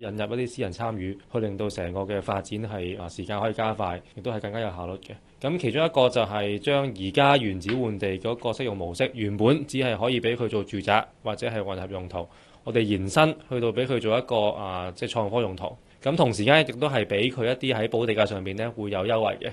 引入一啲私人參與，去令到成個嘅發展係啊，時間可以加快，亦都係更加有效率嘅。咁其中一個就係將而家原址換地嗰個適用模式，原本只係可以俾佢做住宅或者係混合用途，我哋延伸去到俾佢做一個啊、呃，即係創科用途。咁同時間亦都係俾佢一啲喺保地價上面呢，會有優惠嘅。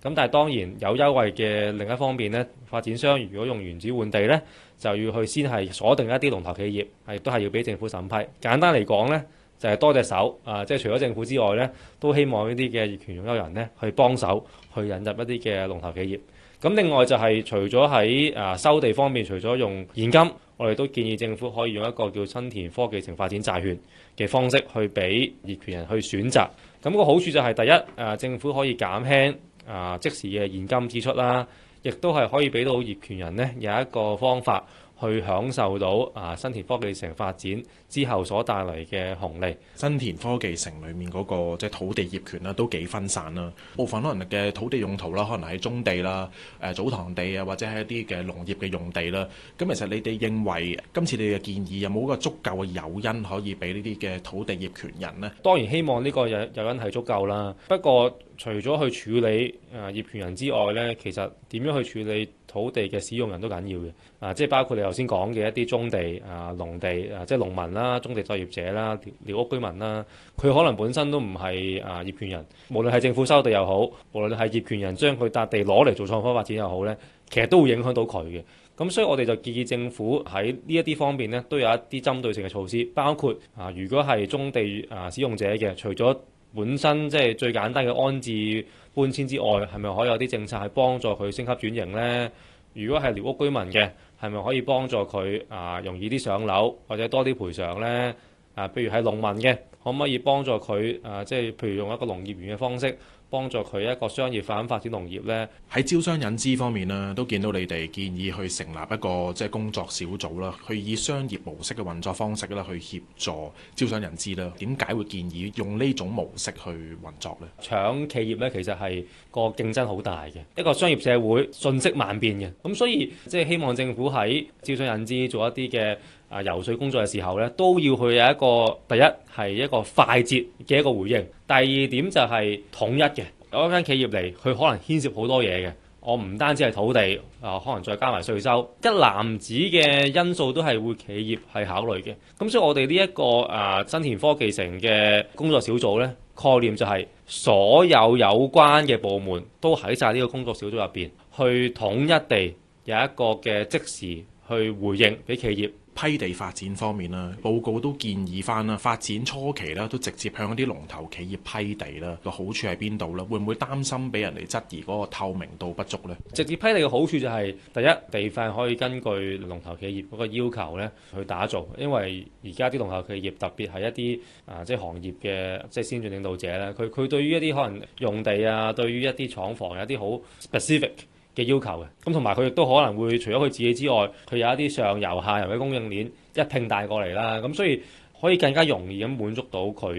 咁但係當然有優惠嘅另一方面呢，發展商如果用原址換地呢，就要去先係鎖定一啲龍頭企業，亦都係要俾政府審批。簡單嚟講呢。就係多隻手，啊、呃，即係除咗政府之外咧，都希望呢啲嘅業權擁有人咧去幫手去引入一啲嘅龍頭企業。咁另外就係除咗喺啊收地方面，除咗用現金，我哋都建議政府可以用一個叫新田科技城發展債券嘅方式去俾業權人去選擇。咁個好處就係第一，啊、呃，政府可以減輕啊即時嘅現金支出啦，亦都係可以俾到業權人呢有一個方法，去享受到啊新田科技城發展之後所帶嚟嘅紅利。新田科技城裡面嗰、那個即係、就是、土地業權啦，都幾分散啦。部分可能嘅土地用途啦，可能係中地啦、誒祖堂地啊，或者係一啲嘅農業嘅用地啦。咁其實你哋認為今次你哋嘅建議有冇一個足夠嘅誘因可以俾呢啲嘅土地業權人呢？當然希望呢個誘誘因係足夠啦，不過。除咗去處理誒、啊、業權人之外呢，其實點樣去處理土地嘅使用人都緊要嘅。啊，即係包括你頭先講嘅一啲棕地啊、農地啊，即係農民啦、啊、棕地作業者啦、啊、寮屋居民啦，佢、啊、可能本身都唔係啊業權人。無論係政府收地又好，無論係業權人將佢笪地攞嚟做創科發展又好呢，其實都會影響到佢嘅。咁所以我哋就建議政府喺呢一啲方面呢，都有一啲針對性嘅措施，包括啊，如果係棕地啊使用者嘅，除咗本身即係最簡單嘅安置搬遷之外，係咪可以有啲政策係幫助佢升級轉型咧？如果係寮屋居民嘅，係咪可以幫助佢啊容易啲上樓或者多啲賠償咧？啊，譬如係農民嘅，可唔可以幫助佢啊？即係譬如用一個農業園嘅方式。幫助佢一個商業化發展農業呢，喺招商引資方面呢都見到你哋建議去成立一個即係工作小組啦，去以商業模式嘅運作方式啦，去協助招商引資啦。點解會建議用呢種模式去運作呢？搶企業呢，其實係個競爭好大嘅，一個商業社會，瞬息萬變嘅，咁所以即係希望政府喺招商引資做一啲嘅。啊！遊說工作嘅時候呢，都要去有一個第一係一個快捷嘅一個回應。第二點就係統一嘅。有一間企業嚟，佢可能牽涉好多嘢嘅。我唔單止係土地啊，可能再加埋稅收一籃子嘅因素都係會企業係考慮嘅。咁所以我哋呢一個啊新田科技城嘅工作小組呢，概念就係、是、所有有關嘅部門都喺晒呢個工作小組入邊，去統一地有一個嘅即時去回應俾企業。批地發展方面啦，報告都建議返啦，發展初期咧都直接向啲龍頭企業批地啦，個好處喺邊度啦？會唔會擔心俾人哋質疑嗰個透明度不足咧？直接批地嘅好處就係，第一地塊可以根據龍頭企業嗰個要求咧去打造，因為而家啲龍頭企業特別係一啲啊、呃，即係行業嘅即係先進領導者咧，佢佢對於一啲可能用地啊，對於一啲廠房有啲好 specific，嘅要求嘅，咁同埋佢亦都可能會除咗佢自己之外，佢有一啲上游下游嘅供應鏈一拼帶過嚟啦，咁所以可以更加容易咁滿足到佢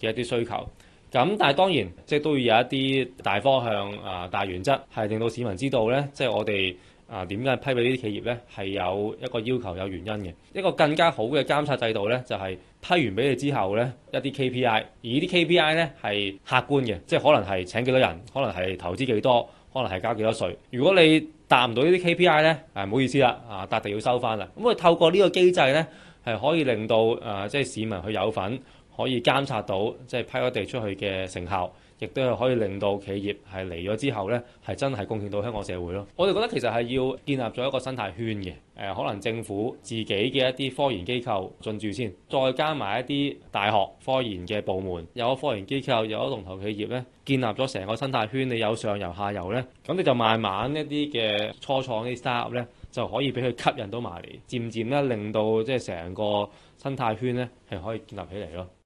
嘅一啲需求。咁但係當然，即係都要有一啲大方向啊、呃、大原則，係令到市民知道呢，即係我哋。啊，點解批俾呢啲企業呢？係有一個要求，有原因嘅。一個更加好嘅監察制度呢，就係、是、批完俾你之後呢，一啲 KPI，而呢啲 KPI 呢係客觀嘅，即係可能係請幾多人，可能係投資幾多，可能係交幾多稅。如果你達唔到呢啲 KPI 呢，唔好意思啦，啊，笪、啊、地要收翻啦。咁、嗯、佢透過呢個機制呢，係可以令到誒，即、啊、係、就是、市民去有份，可以監察到即係、就是、批咗地出去嘅成效。亦都係可以令到企業係嚟咗之後呢，係真係貢獻到香港社會咯。我哋覺得其實係要建立咗一個生態圈嘅，誒、呃，可能政府自己嘅一啲科研機構進駐先進駐，再加埋一啲大學科研嘅部門，有科研機構，有龍頭企業呢，呢建立咗成個生態圈，你有上游下游呢，咁你就慢慢一啲嘅初創啲 start up 就可以俾佢吸引到埋嚟，漸漸咧令到即係成個生態圈呢，係可以建立起嚟咯。